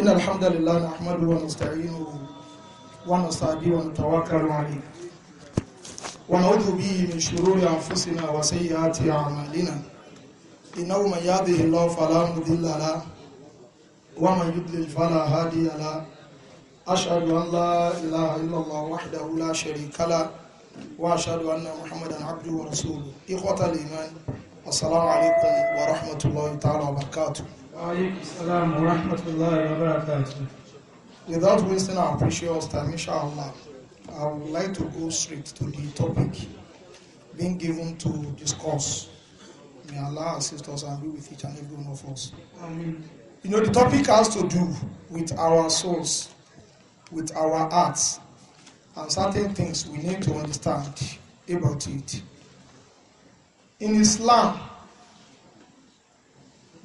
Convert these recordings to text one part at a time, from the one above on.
إن الحمد لله نحمده ونستعينه ونستهديه ونتوكل عليه ونعوذ به من شرور أنفسنا وسيئات أعمالنا إنه من يهده الله فلا مضل له ومن يضلل فلا هادي له أشهد أن لا إله إلا الله وحده لا شريك له وأشهد أن محمدا عبده ورسوله إخوة الإيمان السلام عليكم ورحمة الله تعالى وبركاته Without wasting our precious time, inshallah, I would like to go straight to the topic being given to discuss. May Allah assist us and be with each and every one of us. Amen. You know, the topic has to do with our souls, with our hearts, and certain things we need to understand about it. In Islam,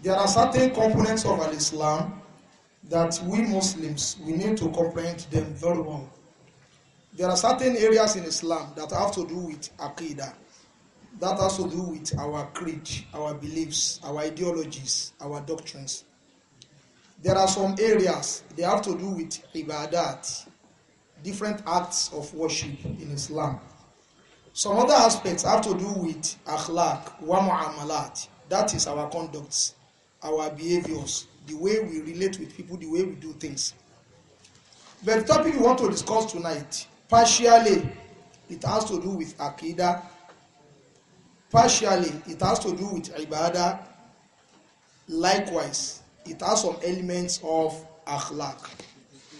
There are certain components of an Islam that we Muslims, we need to comprehend them very well. There are certain areas in Islam that have to do with Aqidah. That has to do with our creed, our beliefs, our ideologies, our doctrines. There are some areas they have to do with ibadat, different acts of worship in Islam. Some other aspects have to do with akhlaq, wa mu'amalat, that is our conducts our behaviors, the way we relate with people, the way we do things. But the topic we want to discuss tonight, partially, it has to do with Akida. Partially, it has to do with Ibadah. Likewise, it has some elements of Akhlaq.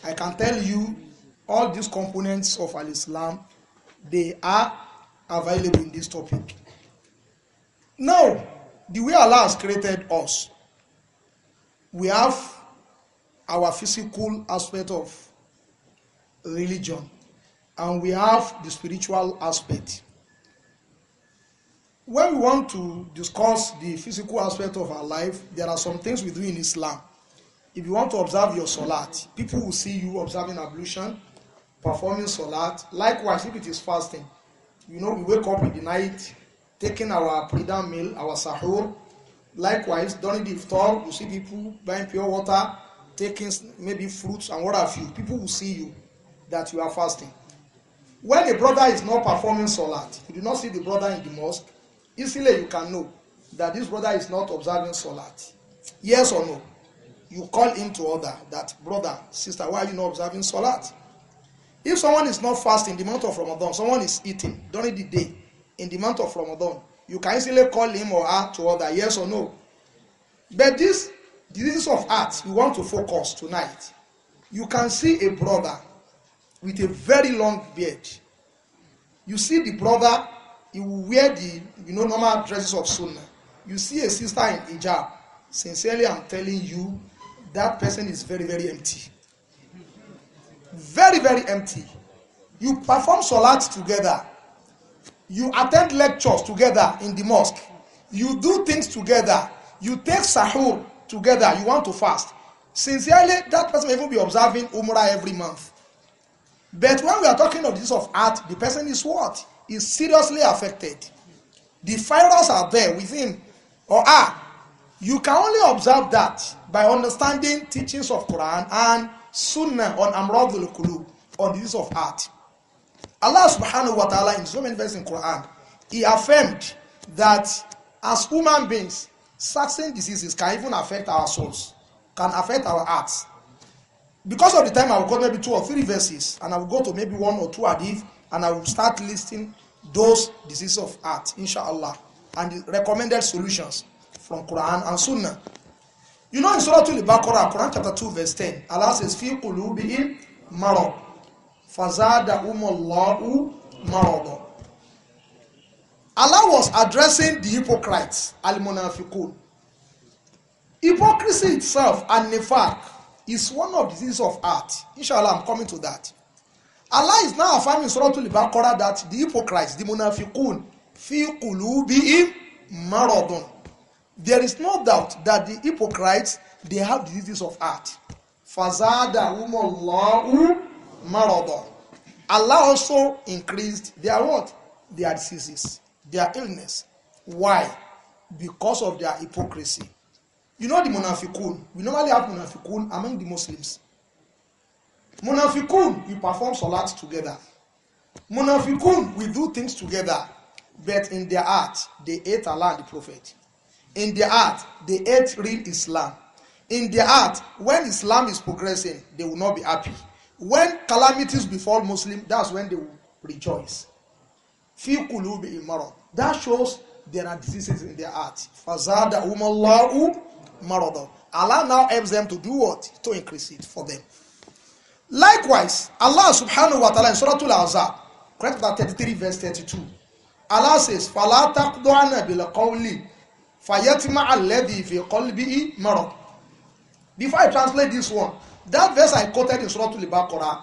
I can tell you all these components of Al Islam, they are available in this topic. Now, the way Allah has created us, we have our physical aspect of religion and we have the spiritual aspect. When we want to discuss the physical aspect of our life, there are some things we do in Islam. If you want to observe your salat, people will see you observing ablution, performing salat. Likewise, if it is fasting, you know, we wake up in the night, taking our pre meal, our sahur, Likewise, during the tour, you see people buying pure water, taking maybe fruits and what have you. People will see you that you are fasting. When a brother is not performing salat, you do not see the brother in the mosque, easily you can know that this brother is not observing salat. Yes or no? You call him to order that brother, sister, why are you not observing salat? If someone is not fasting in the month of Ramadan, someone is eating during the day in the month of Ramadan, you can easily call him or her to order yes or no but this disease of heart we want to focus tonight you can see a brother with a very long beard you see the brother he will wear the you know normal dresses of sunnah you see a sister in hijab sincerely i'm telling you that person is very very empty very very empty you perform salat together you attend lectures together in the mosque you do things together you take sahur together you want to fast sincerely that person may even be observing umrah every month but when we are talking of disease of art, the person is what is seriously affected the virus are there within or ah you can only observe that by understanding teachings of quran and sunnah on amradul qulub on the use of art. Allah subhanahu wa ta'ala in so many verses in Quran, he affirmed that as human beings, certain diseases can even affect our souls, can affect our hearts. Because of the time, I will go maybe two or three verses, and I will go to maybe one or two hadith, and I will start listing those diseases of heart, inshallah, and the recommended solutions from Quran and Sunnah. You know in Surah Al-Baqarah, Quran chapter 2 verse 10, Allah says, فِي قُلُوبِهِمْ مَرَضٍ fazada umullahu marodo. Allah was addressing the hypocrites, al-munafiqun. Hypocrisy itself and nifaq is one of the things of art. Inshallah, I'm coming to that. Allah is now affirming Surah Al-Baqarah that the hypocrites, the munafiqun, fi qulubihim maradun. There is no doubt that the hypocrites, they have diseases of heart. Fazada umullahu marada. Allah also increased their what? Their diseases, their illness. Why? Because of their hypocrisy. You know the munafikun. We normally have munafikun among the Muslims. Munafikun, we perform salat together. Munafikun, we do things together. But in their heart, they hate Allah and the Prophet. In their heart, they hate real Islam. In their heart, when Islam is progressing, they will not be happy when calamities befall Muslim that's when they will rejoice fi kulubi imarọ that shows there are diseases in their heart fazada umallahu maradọ Allah now helps them to do what to increase it for them likewise Allah subhanahu wa ta'ala in Surah Al-Azab correct that 33 verse 32 Allah says fala taqdu'ana bil qawli fayatima alladhi fi qalbihi marad before I translate this one That verse I quoted in Surah Al-Baqarah,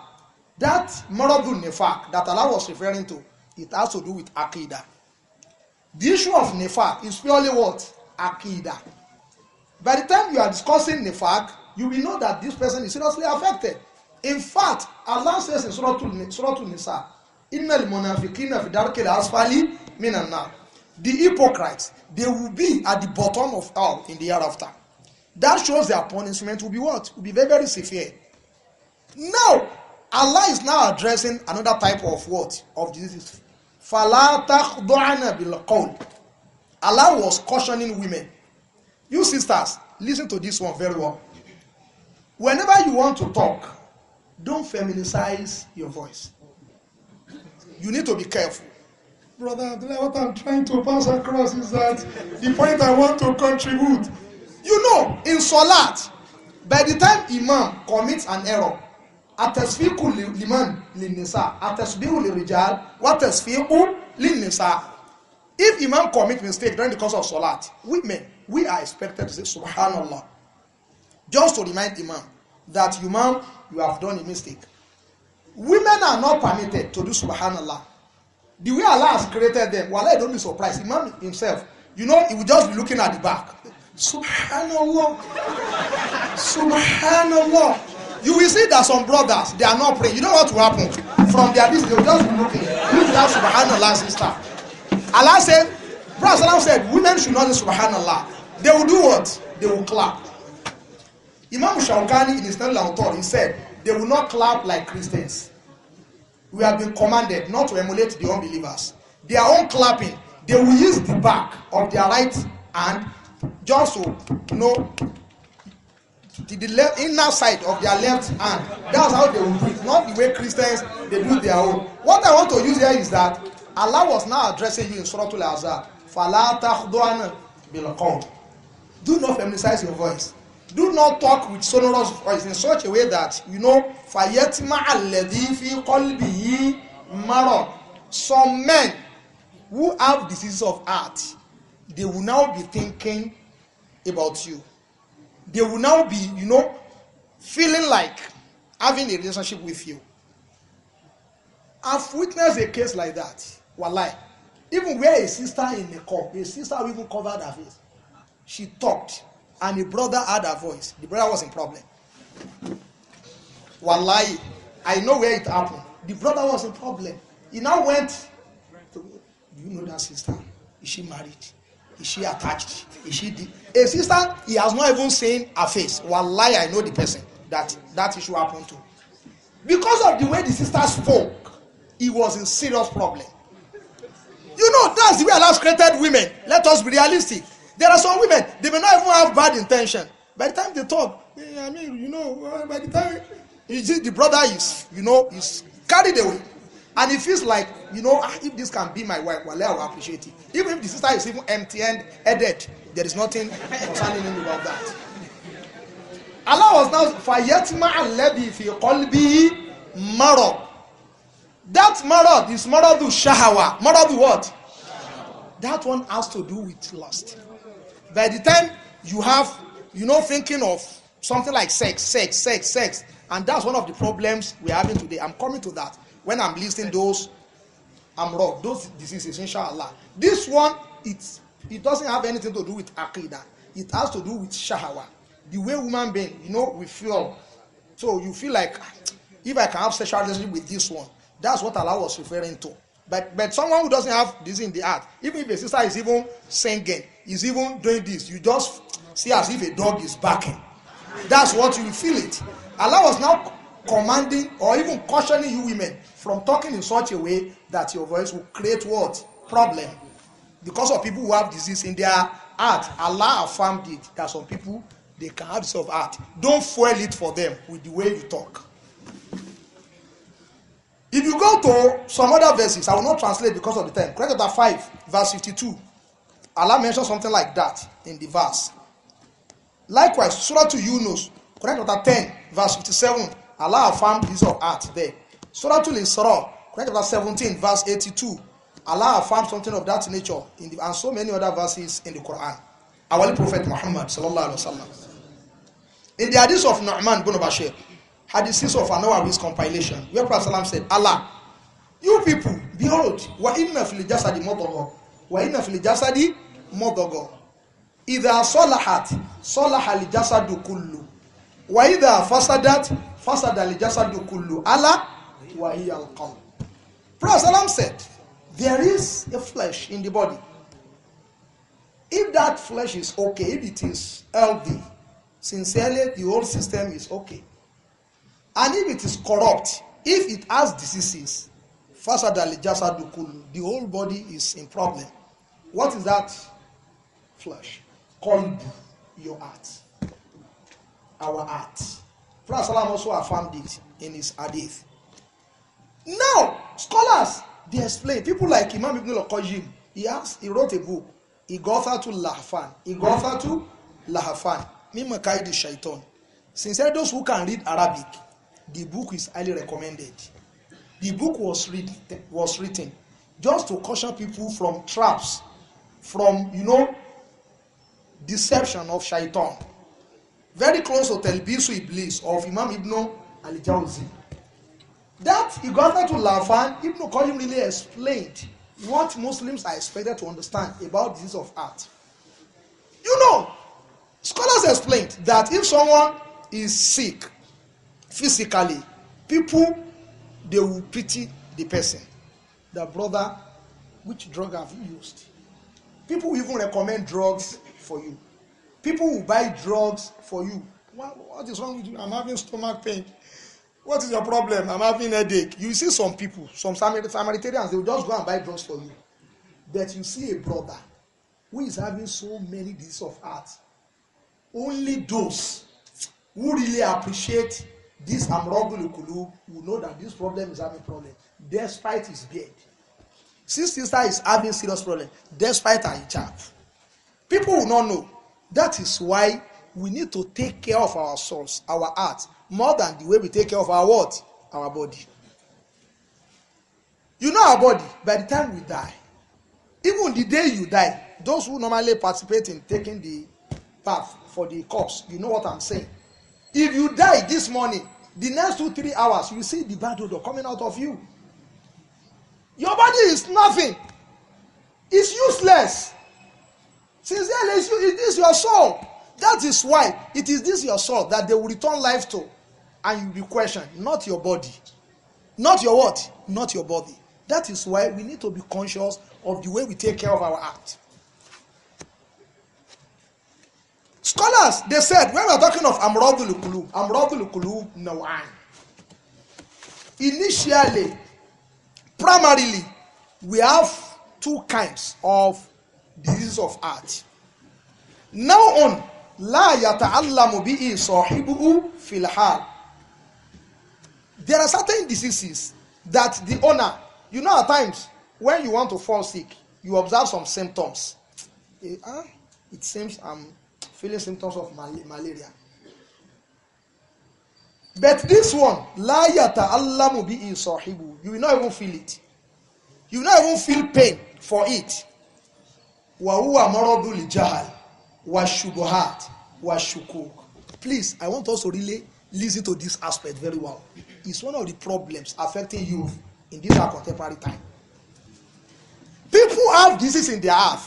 that Maradun Nifaq that Allah was referring to, it has to do with akida. The issue of Nifaq is purely what? akida. By the time you are discussing Nifaq, you will know that this person is seriously affected. In fact, Allah says in Surah Al-Nisa, Inna al-munafiqina fi darkil asfali minan nar. The hypocrites, they will be at the bottom of hell in the hereafter that shows their punishment will be what? Will be very, very severe. Now, Allah is now addressing another type of what? Of diseases. فَلَا تَخْضُعَنَا بِالْقَوْلِ Allah was cautioning women. You sisters, listen to this one very well. Whenever you want to talk, don't feminize your voice. You need to be careful. Brother, what I'm trying to pass across is that the point I want to contribute You know, in Salat, by the time Imam commits an error, atẹ̀sífíkù liman linisa atẹ̀sífíkù lirijal watẹ̀sífíkù linisa if imam commit mistake during the course of salat women we are expected to say subhanallah just to remind imam that you imam you have done a mistake women are not permitted to do subhanallah the way allah has created them wallahi don't be surprised imam himself you know he will just be looking at the back Subhanallah. Subhanallah. You will see that some brothers, they are not praying. You know what will happen? From their They will just be looking. Look at Subhanallah, sister. Allah said, Brother Salam said, women should not say Subhanallah. They will do what? They will clap. Imam Shawkani in his Tanil he said, they will not clap like Christians. We have been commanded not to emulate the unbelievers. Their own clapping, they will use the back of their right hand just to know the, the left inner side of their left hand that's how they will do it not the way christians they do their own what i want to use here is that allah was now addressing you in surah al-azhar falatakhdoana bilqawl do not feminize your voice do not talk with sonorous voice in such a way that you know fayetima aledi fi kolbihi maro some men who have diseases of heart they will now be thinking about you. They will now be, you know, feeling like having a relationship with you. I've witnessed a case like that. Wallahi. Even where a sister in the cup, a sister even covered her face. She talked, and the brother had her voice. The brother was in problem. Wallahi, I know where it happened. The brother was in problem. He now went to, do you know that sister? Is she married? Is she attached? Is she the a sister? He has not even seen her face. Wallahi, I know the person that that issue happened to. Because of the way the sister spoke, he was in serious problem. You know, that's the way Allah created women. Let us be realistic. There are some women, they may not even have bad intention. By the time they talk, I mean, you know, uh, by the time you see the brother is, you know, is carried away and it feels like you know ah, if this can be my wife wale i will appreciate it even if the sister is even empty and headed there is nothing concerning him about that Allah was now fayetima alebi fi kolbi maro. that maro is maradu shahawa maradu what that one has to do with lust by the time you have you know thinking of something like sex sex sex sex and that's one of the problems we're having today i'm coming to that when I'm listing those I'm wrong. those diseases inshallah this one it's it doesn't have anything to do with akida. it has to do with shahawa the way woman being you know we feel so you feel like if I can have sexual relationship with this one that's what Allah was referring to but but someone who doesn't have this in the heart even if a sister is even singing is even doing this you just see as if a dog is barking that's what you feel it Allah was now commanding or even cautioning you women from talking in such a way that your voice will create what? Problem. Because of people who have disease in their heart. Allah affirmed it that some people, they can have disease of heart. Don't fuel it for them with the way you talk. If you go to some other verses, I will not translate because of the time. Correct chapter 5, verse 52. Allah mentioned something like that in the verse. Likewise, Surah to Yunus, Correct chapter 10, verse 57. Allah affirmed his of heart there. Suratul Isra, Quran chapter 17, verse 82. Allah affirmed something of that nature in the, and so many other verses in the Quran. Our Prophet Muhammad sallallahu alaihi wasallam. In the hadith of Nu'man bin Bashir, hadiths of Anawawi's compilation, where Prophet Sallam said, Allah, you people, behold, wa inna fil jasadi madaga, wa inna fil jasadi madaga. Idha salahat, salaha li jasadu kullu. Wa idha fasadat, fasada li jasadu kullu. Allah, وهي القلب Prophet Salam said there is a flesh in the body if that flesh is okay if it is healthy sincerely the whole system is okay and if it is corrupt if it has diseases fasad alijasadu kulu the whole body is in problem what is that flesh called your heart our heart prophet salam also affirmed it in his hadith Now, scholars, they explain. People like Imam Ibn al-Qayyim, he, has, he wrote a book, Igotha to Lahafan. Igotha to Lahafan. Mimma Kaidi Shaitan. Since those who can read Arabic, the book is highly recommended. The book was, read, was written just to caution people from traps, from, you know, deception of shaitan. Very close to Telbisu Iblis of Imam Ibn al-Jawzi. That he got Igwatha to Lafan, Ibn Qayyim really explained what Muslims are expected to understand about disease of heart. You know, scholars explained that if someone is sick physically, people they will pity the person. The brother, which drug have you used? People will even recommend drugs for you. People will buy drugs for you. What, what is wrong with you? I'm having stomach pain what is your problem i'm having headache you see some people some samaritans they will just go and buy drugs for you but you see a brother who is having so many diseases of heart only those who really appreciate this amrogulukulu will know that this problem is having problem despite his beard since this guy is having serious problem despite her hijab people will not know that is why we need to take care of ourselves, our heart more than the way we take care of our what our body you know our body by the time we die even the day you die those who normally participate in taking the path for the corpse, you know what i'm saying if you die this morning the next two three hours you see the bad odor coming out of you your body is nothing it's useless sincerely it's, you, it is your soul that is why it is this your soul that they will return life to and you be questioned, not your body. Not your what? Not your body. That is why we need to be conscious of the way we take care of our heart. Scholars, they said, when we are talking of Amradul Kulub, Amradul Kulub Nawan. Initially, primarily, we have two kinds of diseases of heart. Now on, لا يتعلم به صاحبه في الحال There are certain diseases that the owner, you know, at times when you want to fall sick, you observe some symptoms. Eh, ah, it seems I'm feeling symptoms of mal malaria. But this one, la yata allamu bi isohibu, You will not even feel it. You will not even feel pain for it. Wa huwa maradu li jahal wa shubuhat wa shukuk. Please, I want us to relay listen to this aspect very well it's one of the problems affecting youth in this our contemporary time people have disease in their heart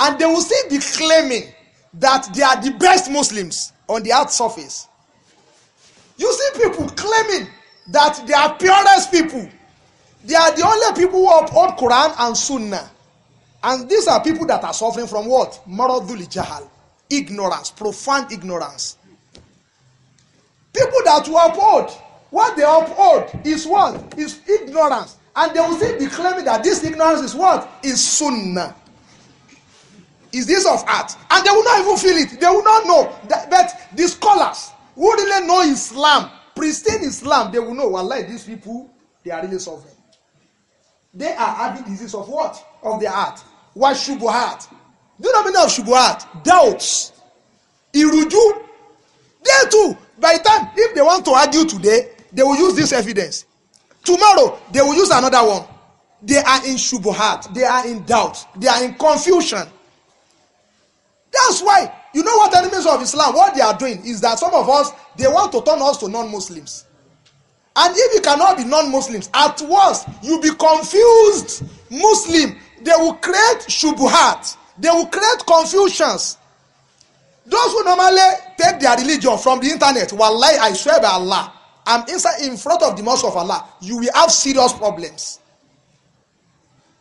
and they will still be claiming that they are the best muslims on the earth surface you see people claiming that they are purest people they are the only people who uphold quran and sunnah and these are people that are suffering from what maradul jahal ignorance profound ignorance People that will uphold, what they uphold is what? Is ignorance. And they will still be claiming that this ignorance is what? Is sunnah. Is this of art? And they will not even feel it. They will not know. That, but the scholars who really know Islam, pristine Islam, they will know. Well, these people, they are really suffering. They are having disease of what? Of their heart. What shubuhat? Do you know meaning of shubuhat? Doubts. Iruju. They too by the time if they want to argue today they will use this evidence tomorrow they will use another one they are in shubuhat they are in doubt they are in confusion that's why you know what enemies of islam what they are doing is that some of us they want to turn us to non-muslims and if you cannot be non-muslims at worst you be confused muslim they will create shubuhat they will create confusions Those who normally take their religion from the internet, wallahi, I swear by Allah, I'm inside in front of the mosque of Allah, you will have serious problems.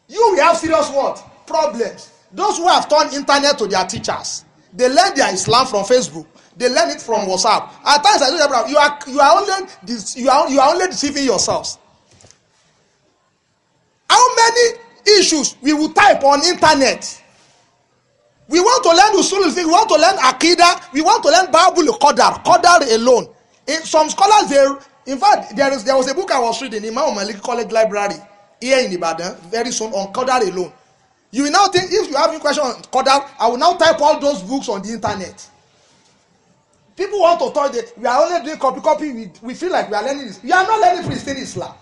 You will have serious what? Problems. Those who have turned internet to their teachers, they learn their Islam from Facebook. They learn it from WhatsApp. At times I tell you, you are you are only you are, you are only deceiving yourselves. How many issues we will type on internet? we want to learn usulul fiqh we want to learn akida we want to learn bible qadar qadar alone in some scholars they in fact there is there was a book i was reading in imam malik college library here in ibadan very soon on qadar alone you will now think if you have any question on qadar i will now type all those books on the internet people want to talk that we are only doing copy copy we, we feel like we are learning this you are not learning christian islam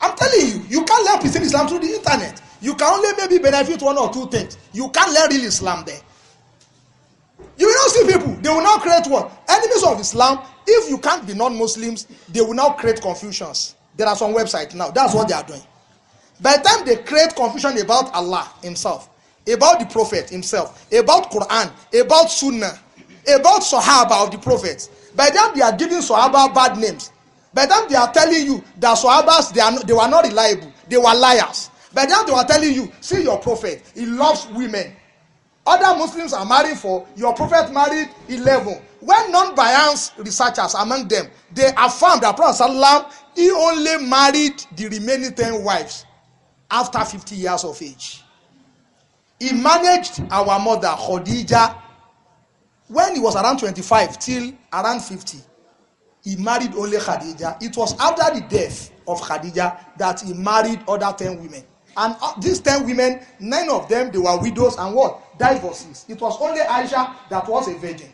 i'm telling you you can learn christian islam through the internet You can only maybe benefit one or two things. You can't let real Islam there. You will not see people. They will now create what? Enemies of Islam. If you can't be non-Muslims, they will now create confusions. There are some websites now. That's what they are doing. By the time they create confusion about Allah Himself, about the Prophet Himself, about Quran, about Sunnah, about Sahaba of the Prophet, by then, they are giving Sahaba bad names, by then, they are telling you that Sahabas they, are, they were not reliable, they were liars. But then they were telling you, see your prophet, he loves women. Other Muslims are married for, your prophet married 11. When non-biased researchers among them, they affirmed that Prophet Sallam, he only married the remaining 10 wives after 50 years of age. He managed our mother, Khadija, when he was around 25 till around 50 he married only khadija it was after the death of khadija that he married other 10 women and uh, these ten women nine of them they were widows and what divorces it was only Aisha that was a virgin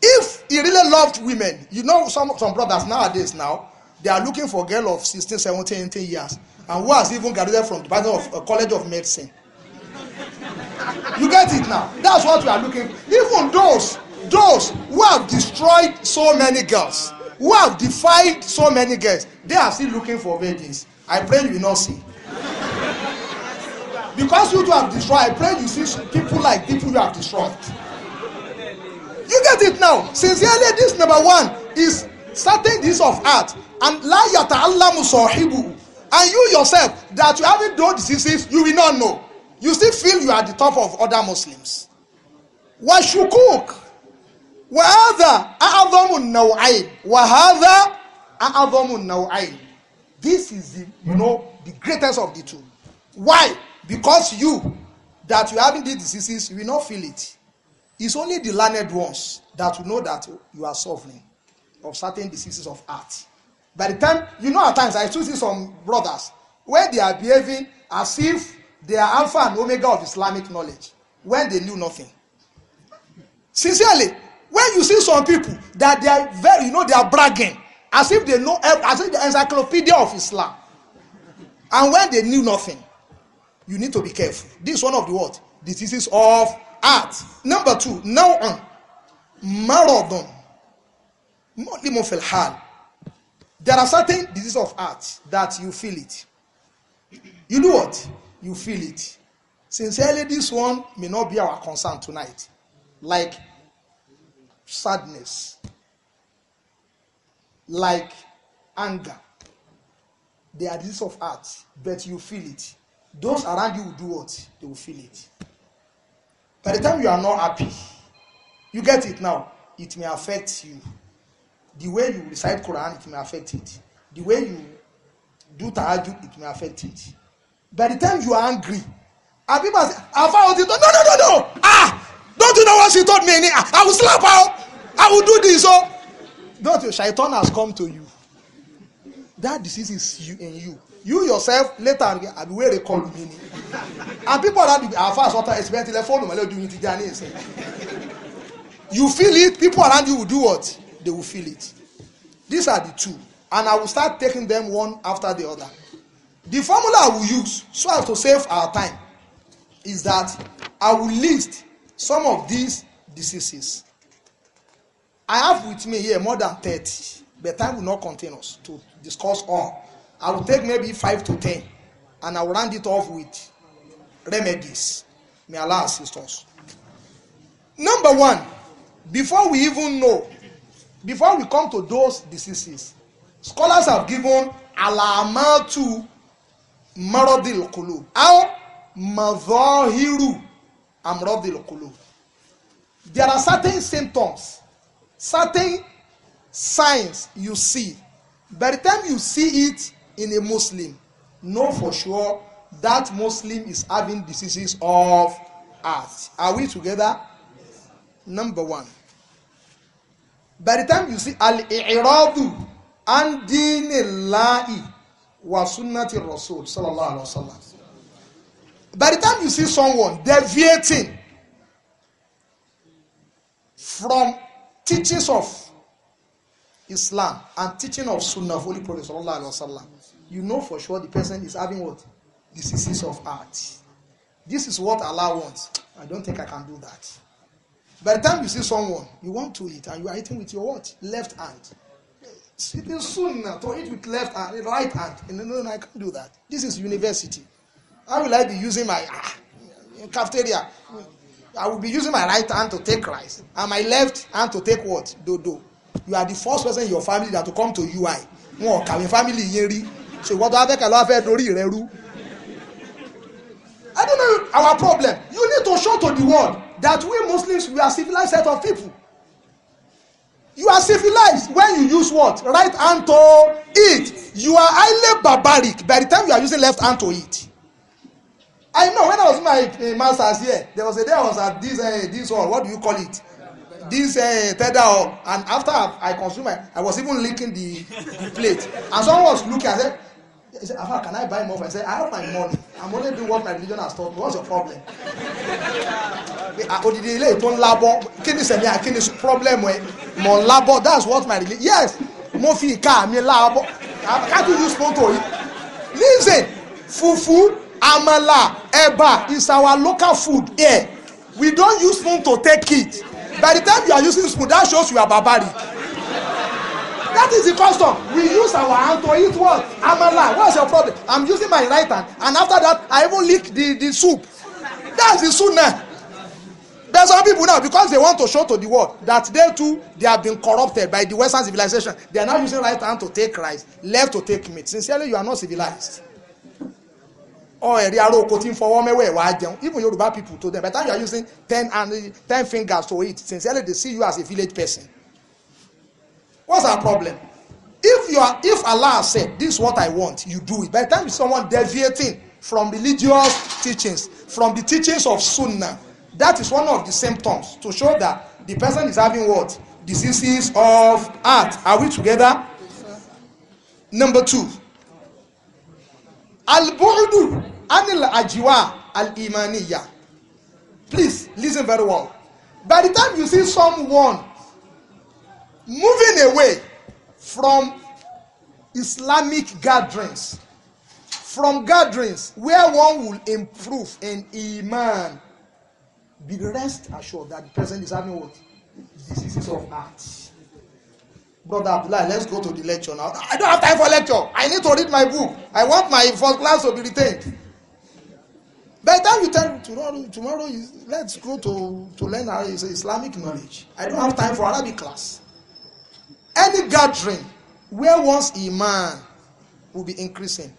if he really loved women you know some some brothers nowadays now they are looking for girl of sixteen seventeen eighteen years and who has even graduated from the Bible of uh, college of medicine you get it now that's what we are looking for even those those who have destroyed so many girls who have defied so many girls they are still looking for virgins i pray you will not see because you two have destroyed i pray you see people like people you have destroyed you get it now sincerely this number one is certain this of art and la yata alamu sohibu and you yourself that you having those diseases you will not know you still feel you are the top of other muslims Wa wa shukuk, washukuk wahadha aadhamu nawain wahadha aadhamu nawain this is the you know the greatest of the two why because you that you having these diseases you will not feel it it's only the learned ones that will know that you are suffering of certain diseases of heart by the time you know at times i still see some brothers where they are behaving as if they are alpha and omega of islamic knowledge when they knew nothing sincerely when you see some people that they are very you know they are bragging as if they know as if the encyclopedia of Islam and when they knew nothing you need to be careful this one of the what diseases of heart number two now on marathon hal there are certain diseases of heart that you feel it you know what you feel it sincerely this one may not be our concern tonight like sadness like anger. They are disease of heart, but you feel it. Those around you will do what? They will feel it. By the time you are not happy, you get it now, it may affect you. The way you recite Quran, it may affect it. The way you do tahajud, it may affect it. By the time you are angry, and people say, Afa Oti, no, no, no, no, ah, don't you know what she told me? I will slap her. I will do this. Oh. Don't you? Shaitan has come to you. That disease is you in you. You yourself later I be where they call me. And people around that are fast water experience telephone my do it You feel it, people around you will do what? They will feel it. These are the two. And I will start taking them one after the other. The formula I will use so as to save our time is that I will list some of these diseases I have with me here more than thirty, but time will not contain us to discuss all. I will take maybe five to ten, and I will round it off with remedies. May Allah assist us. Number one, before we even know, before we come to those diseases, scholars have given alamatu maradil qulub aw madhahiru amradil qulub. There are certain symptoms certain signs you see by the time you see it in a muslim know for sure that muslim is having diseases of heart are we together number one by the time you see al-i'radu an dinillahi wa sunnati rasul sallallahu alaihi wasallam by the time you see someone deviating from teachings of Islam and teaching of Sunnah of Holy Prophet Sallallahu Alaihi Wasallam, you know for sure the person is having what? Diseases of heart. This is what Allah wants. I don't think I can do that. By the time you see someone, you want to eat and you are eating with your what? Left hand. Sitting Sunnah to eat with left hand, right hand. No, no, I can't do that. This is university. How will I be using my ah, cafeteria? I will be using my right hand to take rice and my left hand to take what? Dodo. You are the first person in your family that will come to UI. Wọn ò kàwé family yẹn rí. So ìwọ́n tó wá fẹ́ kà lọ́wọ́ fẹ́ dorí rẹ rú. I don't know our problem. You need to show to the world that we Muslims we are civilized set of people. You are civilized when you use what? Right hand to eat. You are highly barbaric by the time you are using left hand to eat. I know when I was my uh, masters here, there was a day I was at this uh, this one. What do you call it? This uh, eh, tether, and after I, consume it, I was even licking the, the plate. And someone was looking. I said, he said, Afa, can I buy more? I said, I have my money. I'm only doing what my religion has taught me. What's your problem? Ah, odidi ilé to ńlá bọ́, kí ni sẹ̀mí àkí ni problem ẹ̀? Mọ̀ ńlá bọ́, that's what my religion. Yes, mo fi ìka mi lá I ah, Can't you use photo yìí? Listen, fufu amala, eba is our local food here. We don't use spoon to take it. By the time you are using spoon, that shows you are barbaric. That is the custom. We use our hand to eat what? Amala. What is your problem? I'm using my right hand. And after that, I even lick the, the soup. That's the soup There are some people now, because they want to show to the world that they too, they have been corrupted by the Western civilization. They are now using right hand to take rice, left to take meat. Sincerely, you are not civilized. Oh, ẹ̀rí ará oko tí ń fọwọ́ mẹ́wẹ́ wá jẹun even Yorùbá people to them by the time you are using ten and ten fingers to eat sincerely they see you as a village person what's our problem if you are if Allah said this is what I want you do it by the time you someone deviating from religious teachings from the teachings of Sunnah that is one of the symptoms to show that the person is having what diseases of heart are we together yes, number two albuudu anil ajiwa al-imaniya please listen very well by the time you see someone moving away from Islamic gatherings from gatherings where one will improve in iman be rest assured that the person is having what diseases of heart Brother Abdullah, let's go to the lecture now. I don't have time for lecture. I need to read my book. I want my first class to be retained. By the time you tell tomorrow, tomorrow is, let's go to, to learn Islamic knowledge. I don't have time for Arabic class. Any gathering where once Iman will be increasing,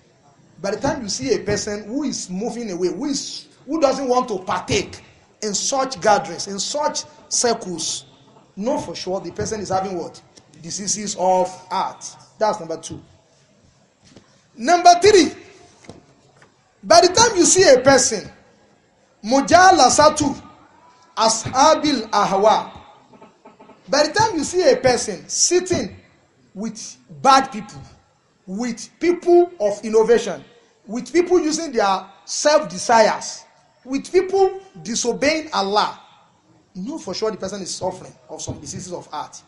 by the time you see a person who is moving away, who, is, who doesn't want to partake in such gatherings, in such circles, know for sure the person is having what? diseases of heart. That's number two. Number three, by the time you see a person, Mujala Satu, Ashabil Ahwa, by the time you see a person sitting with bad people, with people of innovation, with people using their self desires, with people disobeying Allah, know for sure the person is suffering of some diseases of heart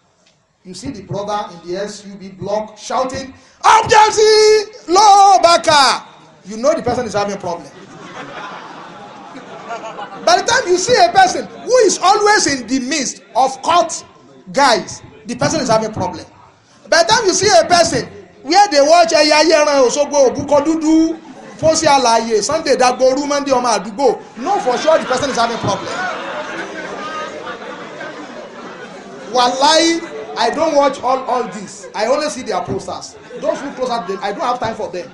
you see the brother in the SUV block shouting, Objective! law backer! You know the person is having a problem. By the time you see a person who is always in the midst of caught guys, the person is having a problem. By the time you see a person where they watch a ẹyà ayẹran Òṣogbo òbúkọ dúdú Fọ́sí Àlàyé Sunday Dagboru Monday ọmọ àdúgbò know for sure the person is having a problem. Wàláyé. I don't watch all all this. I only see their posters. Those who post up I don't have time for them.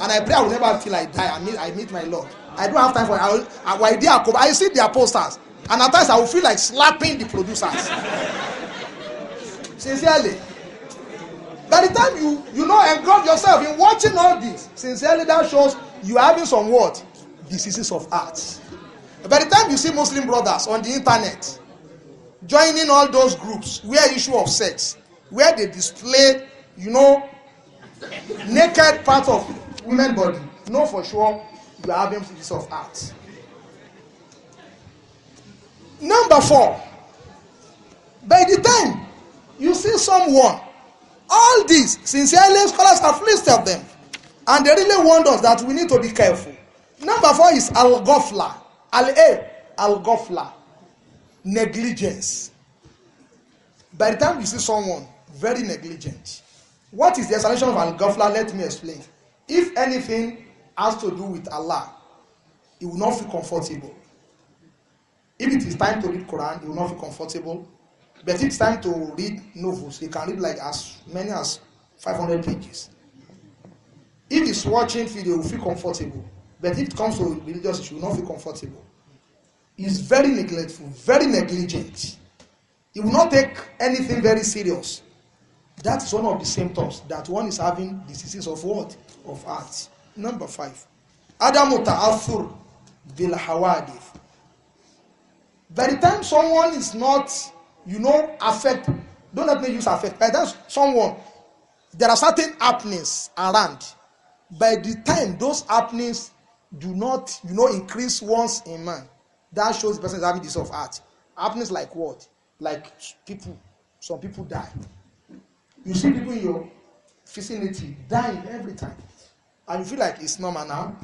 And I pray I will never until I die. I meet I meet my Lord. I don't have time for I, I, I see their posters. And at times I will feel like slapping the producers. Sincerely. By the time you you know engulf yourself in watching all this, sincerely that shows you are having some what diseases of arts. By the time you see Muslim brothers on the internet joining all those groups where issue of sex where they display you know naked part of women body know for sure you are having piece of art number four by the time you see someone all these sincerely scholars have listed them and they really warned us that we need to be careful number four is al-ghafla al-a al-ghafla negligence by the time you see someone very negligent what is the explanation of an ghafla let me explain if anything has to do with Allah he will not feel comfortable if it is time to read Quran he will not feel comfortable but if it's time to read novels he can read like as many as 500 pages if he's watching video he will feel comfortable but if it comes to religious he will not feel comfortable is very neglectful, very negligent. He will not take anything very serious. That is one of the symptoms that one is having diseases of what? Of heart. Number five. Adamu ta'athur bil hawadith. By the time someone is not, you know, affect, don't let me use affect. By the time someone, there are certain happenings around. By the time those happenings do not, you know, increase once in mind that shows the person is having disorder of heart happiness like what like people some people die you see people in your vicinity dying every time and you feel like it's normal now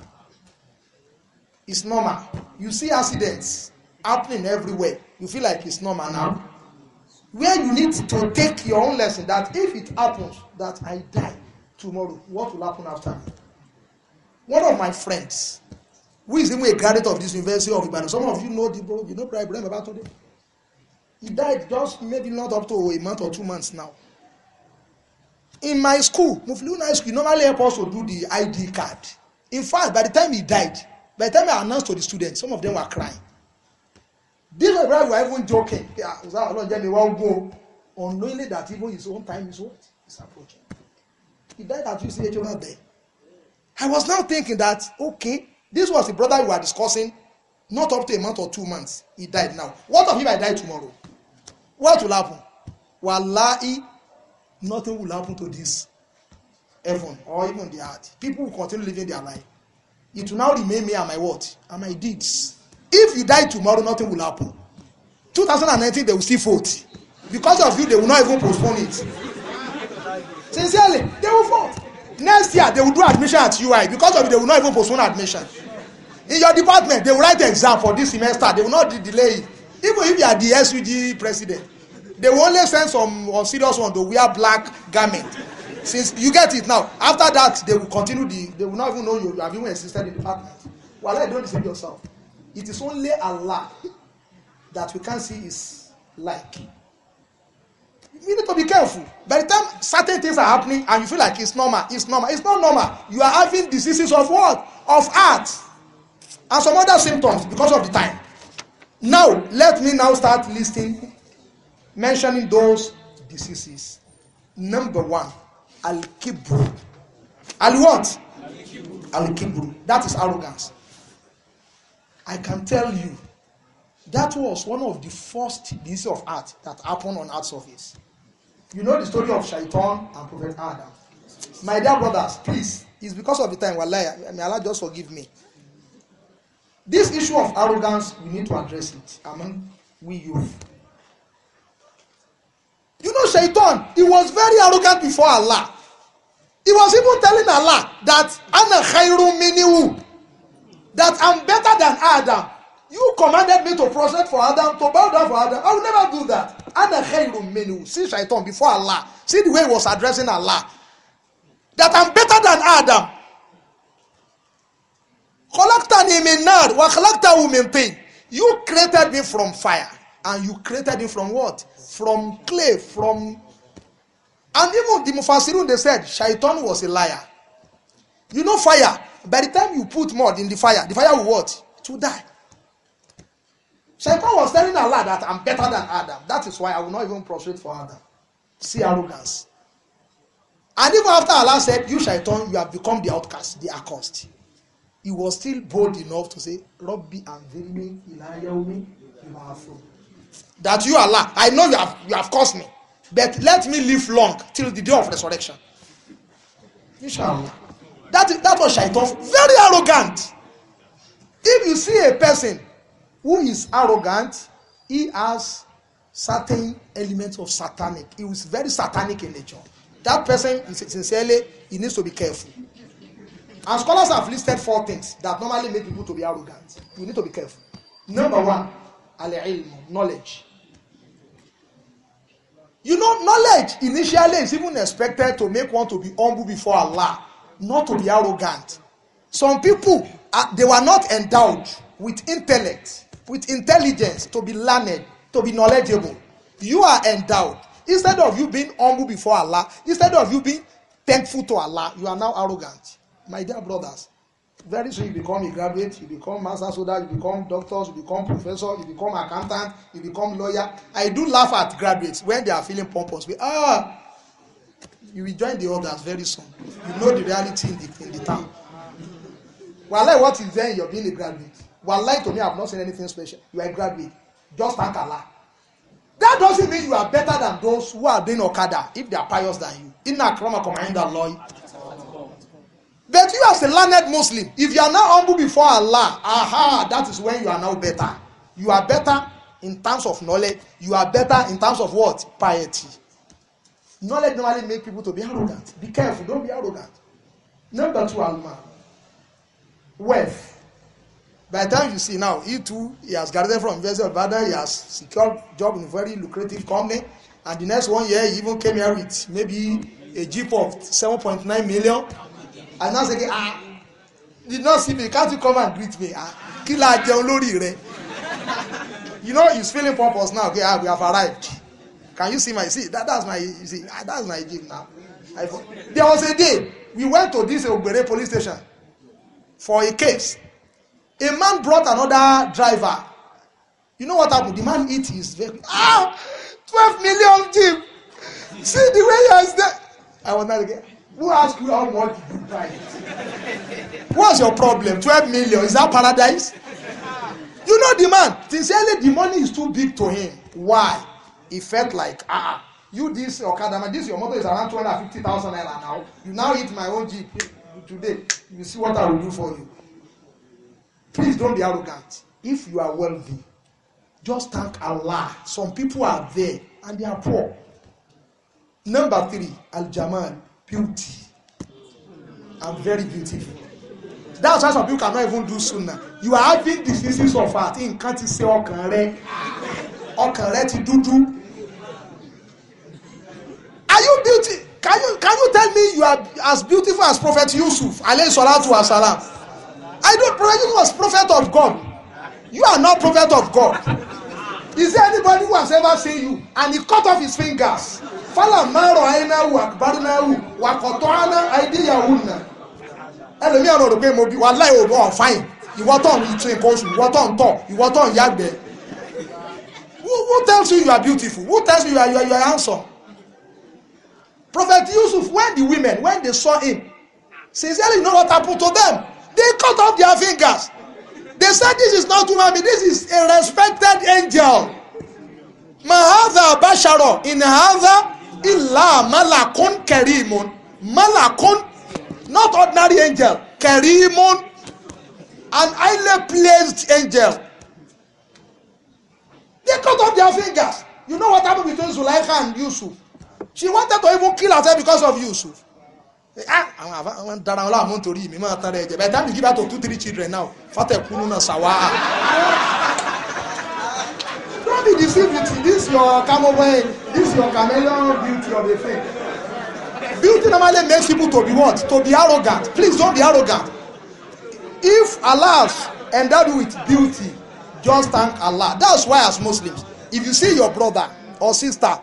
it's normal you see accidents happening everywhere you feel like it's normal now where you need to take your own lesson that if it happens that i die tomorrow what will happen after me one of my friends who is even a graduate of this university of Ibadan some of you know the bro you know Ibrahim Babatunde he died just maybe not up to a month or two months now in my school Mufliu high school normally help us to do the ID card in fact by the time he died by the time I announced to the students some of them were crying these were brothers were even joking yeah Ọlọ́run jẹ mi wọn gun o unknowingly that even his own time is what is approaching he died at UCH over there I was now thinking that okay This was the brother we were discussing not up to a month or two months. He died now. What if I die tomorrow? What will happen? Wallahi, nothing will happen to this heaven or even the earth. People will continue living their life. It will now remain me and my what? And my deeds. If you die tomorrow, nothing will happen. 2019, they will still vote. Because of you, they will not even postpone it. Sincerely, they will vote next year they will do admission at UI because of it they will not even postpone admission in your department they will write the exam for this semester they will not de delay it even if you are the SUG president they will only send some or uh, serious one to wear black garment since you get it now after that they will continue the they will not even know you you have even existed in the department wahala you don deceive yourself it is only Allah that we can see is like you need to be careful. By the time certain things are happening and you feel like it's normal, it's normal, it's not normal. You are having diseases of what? Of heart and some other symptoms because of the time. Now, let me now start listing, mentioning those diseases. Number one, Al Kibru. Al what? Al That is arrogance. I can tell you that was one of the first diseases of art that happened on earth surface. You know the story of Shaitan and Prophet Adam. My dear brothers, please, it's because of the time. Wallahi, may Allah just forgive me. This issue of arrogance, we need to address it among we youth. You know, Shaitan, he was very arrogant before Allah. He was even telling Allah that Ana khairu minihu, that I'm better than Adam. You commanded me to prostrate for Adam, to bow down for Adam. I will never do that. Ana khairun minhu. See Shaitan before Allah. See the way he was addressing Allah. That I'm better than Adam. Khalaqtani min nar wa khalaqtahu min tin. You created me from fire. And you created me from what? From clay, from... And even the Mufassirun, they said, Shaitan was a liar. You know fire. By the time you put mud in the fire, the fire will what? To die. Shaitan was telling Allah that I'm better than Adam. That is why I will not even prostrate for Adam. See arrogance. And even after Allah said, You, Shaitan, you have become the outcast, the accursed. He was still bold enough to say, Rabbi and Anvilmi Ilayaumi That you, Allah, I know you have, you have caused me, but let me live long till the day of resurrection. Inshallah. That, that was Shaitan. Very arrogant. If you see a person who is arrogant he has certain element of satanic he is very satanic in nature that person is sincerely he needs to be careful and scholars have listed four things that normally make people to be arrogant you need to be careful number one al-ilm knowledge you know knowledge initially is even expected to make one to be humble before Allah not to be arrogant some people uh, they were not endowed with intellect with intelligence to be learned, to be knowledgeable. You are endowed. Instead of you being humble before Allah, instead of you being thankful to Allah, you are now arrogant. My dear brothers, very soon you become a graduate, you become master soldier, you become doctors, you become professor, you become accountant, you become lawyer. I do laugh at graduates when they are feeling pompous. We, ah, you will join the others very soon. You know the reality in the, in the town. Well, what is then you're being a graduate? Wallahi to me, I have not seen anything special. You are a graduate. Just thank Allah. That doesn't mean you are better than those who are doing Okada if they are pious than you. Inna akramakum inda Allahi. But you as a learned Muslim, if you are not humble before Allah, aha, that is when you are now better. You are better in terms of knowledge. You are better in terms of what? Piety. Knowledge normally make people to be arrogant. Be careful. Don't be arrogant. Number two, Alma. Wealth By the time you see now, he too, he has graduated from University of Ibadan, he has secured job in a very lucrative company, and the next one year he even came here with maybe a jeep of seven point nine million. And now say, ah, did not see me, can't you come and greet me? Ah, kí la jẹun lórí You know, he's feeling purpose now, okay, ah, we have arrived. Can you see my, see, that, that's my, you see, ah, that's my jeep now. I, there was a day, we went to this Ogbere police station for a case A man brought another driver. You know what happened? The man eat his vehicle. Ah, twelve million jeep. See the way he is there. I was not again. Who asked you how much you buy it? What's your problem? Twelve million. Is that paradise? You know the man. Sincerely, the money is too big to him. Why? He felt like, ah, you this Okada man, this your motor is around two hundred fifty thousand naira now. You now eat my own jeep today. You see what I will do for you. Please don't be arrogant. If you are wealthy, just thank Allah. Some people are there and they are poor. Number three, Al beauty. I'm very beautiful. That's why some people cannot even do sunnah. You are having diseases of heart. Nǹkan ti ṣe ọkàn rẹ. Ọkàn rẹ ti dúdú. Are you beauty? Can you, can you tell me you are as beautiful as Prophet Yusuf? Alayhi salatu wa salam. I don't prophet Jesus was prophet of God. You are not prophet of God. Is there anybody who has ever seen you? And he cut off his fingers. Fala maro aina wu akibaru na wu wakoto Ẹlòmí ọ̀rọ̀ rò mo bí wàhálà ìwòbọ̀ ọ̀fáìn. Ìwọ tó ń tún nǹkan oṣù, ìwọ tó ń tọ̀, ìwọ tó yàgbẹ́. Who, who tells you you are beautiful? Who tells you you are, you are, handsome? Prophet Yusuf, when the women, when they saw him, sincerely, you know what happened to them? They cut off their fingers. They said this is not woman. this is a respected angel. Mahadha Basharo in Hadha Illa Malakun Kerimun. Malakun, not ordinary angel, Kerimun, an highly placed angel. They cut off their fingers. You know what happened between Zulaikha and Yusuf? She wanted to even kill herself because of Yusuf. Ah, àwọn àfa àwọn dara wọn láàmú nítorí mi máa tán rẹ jẹ by the time you give out to two three children now fatakunu na sawa. don't be deceived with this your camel this your chameleon beauty of a thing. beauty normally makes people to be what to be arrogant please don't be arrogant if Allah endowed you with beauty just thank Allah that's why as Muslims if you see your brother or sister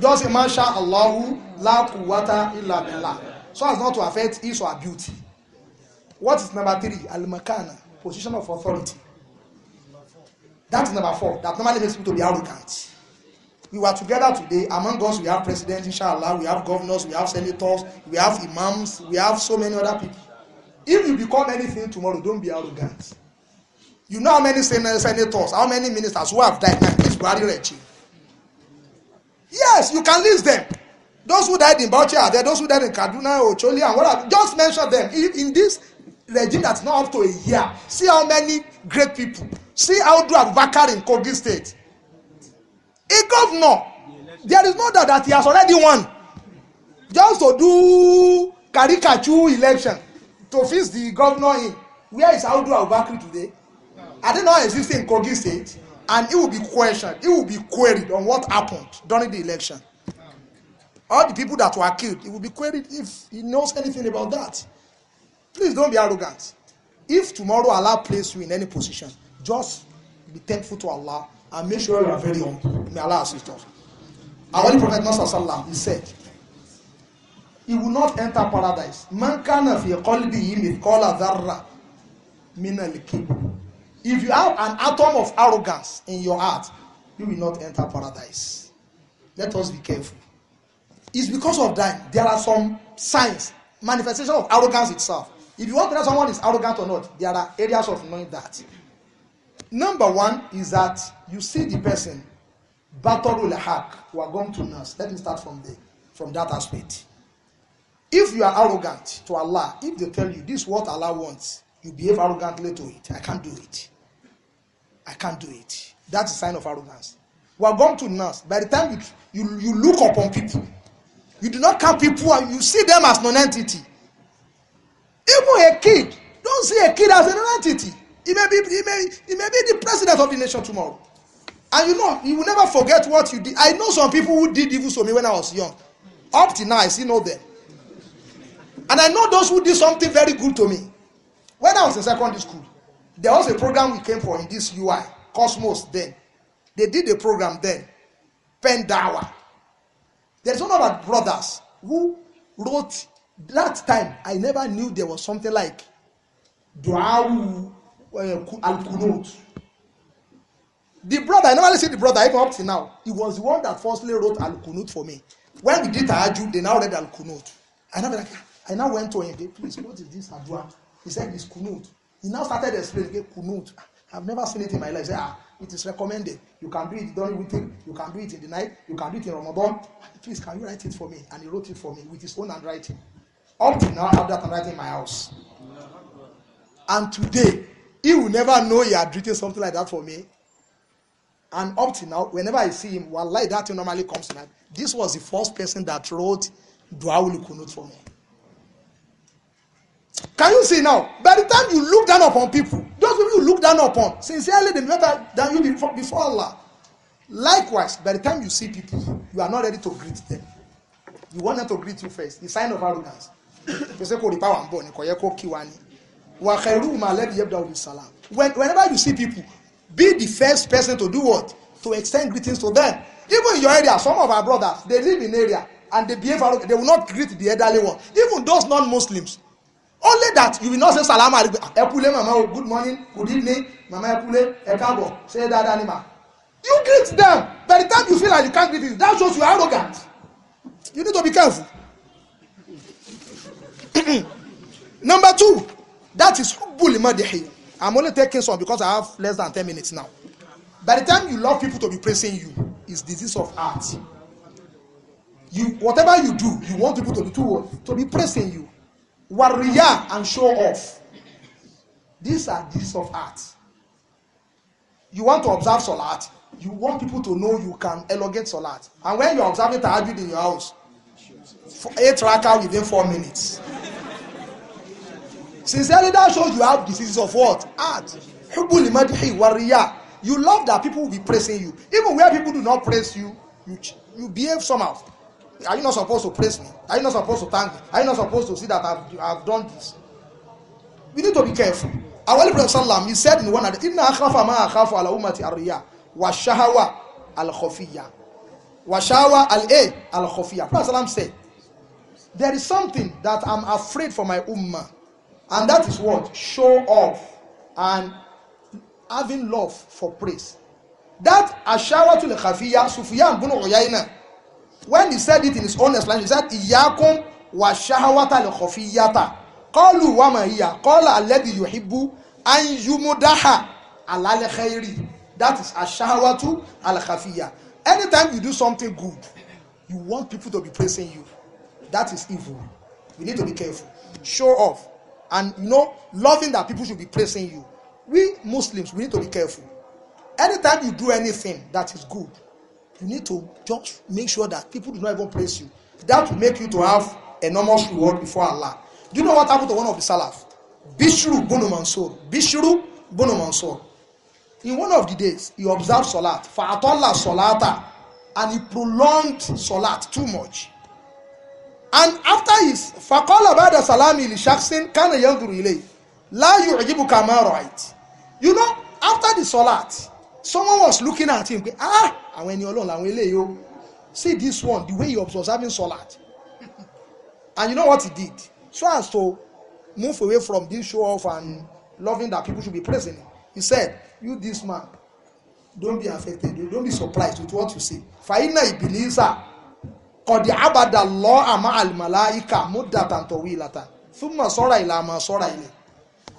just say masha Allahu la quwwata illa billah so as not to affect his or her beauty what is number three alimakana position of authority that is number four that normally makes people to be arrogant we were together today among us we have presidents inshallah we have governors we have senators we have imams we have so many other people if you become anything tomorrow don't be arrogant you know how many senators how many ministers who have died now this buhari regime. yes you can list them Those who died in Bauchi are there. Those who died in Kaduna, Ocholi, and what are just mention them. In this regime that's not up to a year, see how many great people. See how do Abubakar in Kogi State. A governor, there is no doubt that he has already won. Just to do caricature election to fix the governor in. Where is Audu Abubakar today? I don't know how existing in Kogi State, and it will be questioned. It will be queried on what happened during the election all the people that were killed, it will be queried if he knows anything about that. Please don't be arrogant. If tomorrow Allah places you in any position, just be thankful to Allah and make sure you are very humble. May Allah assist us. Our Holy Prophet Muhammad he said, He will not enter paradise. Man kana fi qalbihi mithqala dharra min al-kibr. If you have an atom of arrogance in your heart, you will not enter paradise. Let us be careful. Is because of that there are some signs, manifestation of arrogance itself. If you want to know someone is arrogant or not, there are areas of knowing that. Number one is that you see the person, battle with Batorul hack. who are going to nurse. Let me start from there, from that aspect. If you are arrogant to Allah, if they tell you this is what Allah wants, you behave arrogantly to it. I can't do it. I can't do it. That's a sign of arrogance. We are going to nurse. By the time you, you, you look upon people, You do not count people, you see them as non-entity. Even a kid, don't see a kid as a non-entity. He may, be, he, may, he may be the president of the nation tomorrow. And you know, you will never forget what you did. I know some people who did evil to me when I was young. Up till now, I still know them. And I know those who did something very good to me. When I was in secondary school, there was a program we came for in this UI, Cosmos then. They did a program then, Pendawa. There is one of our brothers who wrote that time I never knew there was something like Duawu eh, Al-Kunut. The brother, I normally see the brother, even up till now, he was the one that firstly wrote Al-Kunut for me. When we did Tahajjud, they now read Al-Kunut. I now, like, I now went to him, okay, please, what is this Adua? He said, it's Kunut. He now started explaining, okay, Kunut. I've never seen it in my life. He said, ah, it is recommended you can do it during weekend you can do it in the night you can do it in Ramadan please can you write it for me and he wrote it for me with his own handwriting up till now I have that handwriting in my house and today he will never know he had written something like that for me and up till now whenever I see him wallahi that thing normally comes to mind this was the first person that wrote duawul kunut for me Can you see now? By the time you look down upon people, those people you look down upon, sincerely they better than you before, before Allah. Likewise, by the time you see people, you are not ready to greet them. You want them to greet you first. The sign of arrogance. You say, "Kò rí power ń bọ̀ ni kò yẹ kó kí wa ni." Wa khairu ma lẹ́bi yẹ́bi dàwọ̀ salam. Whenever you see people, be the first person to do what? To extend greetings to them. Even in your area, some of our brothers, they live in area and they behave arrogant. They will not greet the elderly one. Even those non-Muslims, only that you will not say salama ẹkúlé ah, mama o oh, good morning good evening mama ẹkúlé ẹkáàbọ̀ ṣe dáadáa ni ma you greet them by the time you feel like you can't greet them that shows you are arrogant you need to be careful number two that is bulimadihi i'm only taking some because i have less than ten minutes now by the time you love people to be praising you is disease of heart you whatever you do you want people to do to, to be praising you wariya and show off these are deeds of art you want to observe salat you want people to know you can elongate salat and when you are observing tahajjud in your house for eight raka within four minutes sincerely that shows you have diseases of what art hubbul madhi wariya you love that people will be praising you even where people do not praise you you, you behave somehow Are you not supposed to praise me? Are you not supposed to thank me? Are you not supposed to see that I've, I've done this? We need to be careful. Our Holy Prophet Sallam, he said in one of the Inna akhafa ma akhafu ala umati arriya wa shahawa al khafiyya wa shahawa al a eh, al khafiyya. Prophet Sallam said, there is something that I'm afraid for my ummah, and that is what show off and having love for praise. That ashawa to the khafiyya, Sufyan bin Uyayna, when he said it in his own explanation he said ìyákún wà ṣáháwátà lè kọ̀fí yàtà kọ́ọ̀lù wà mà híyà kọ́ọ̀lù alẹ́dì yòhíbù anyumudaha alalẹ́kẹ́rì that is aṣáháwátú alakafiya anytime you do something good you want people to be praising you that is evil you need to be careful show off and you know loving that people should be praising you we Muslims we need to be careful anytime you do anything that is good you need to just make sure that people do not even praise you that will make you to have enormous reward before Allah do you know what happened to one of the salaf Bishru Bono Mansour Bishru Bono Mansour in one of the days he observed salat fa'atollah salata and he prolonged salat too much and after his faqala ba'da salami li shakhsin kana yanzuru ilay la yu yu'jibuka kama right. you know after the salat someone was looking at him pé ah àwọn ẹni ọlọ́run làwọn eléyìí o see this one the way he was observing solat and you know what he did so as to move away from this show off and loving that people should be praising him he said you this man don't be affected don't be surprised with what you see fàyínà ìbìlísà kọ̀dí àbàdà lọ́ àmọ́ àlùmọ̀lá ìkà múdàtà tọ̀wé ìlàtà fún mọ̀ sọ́ra ìlà àmọ́ sọ́ra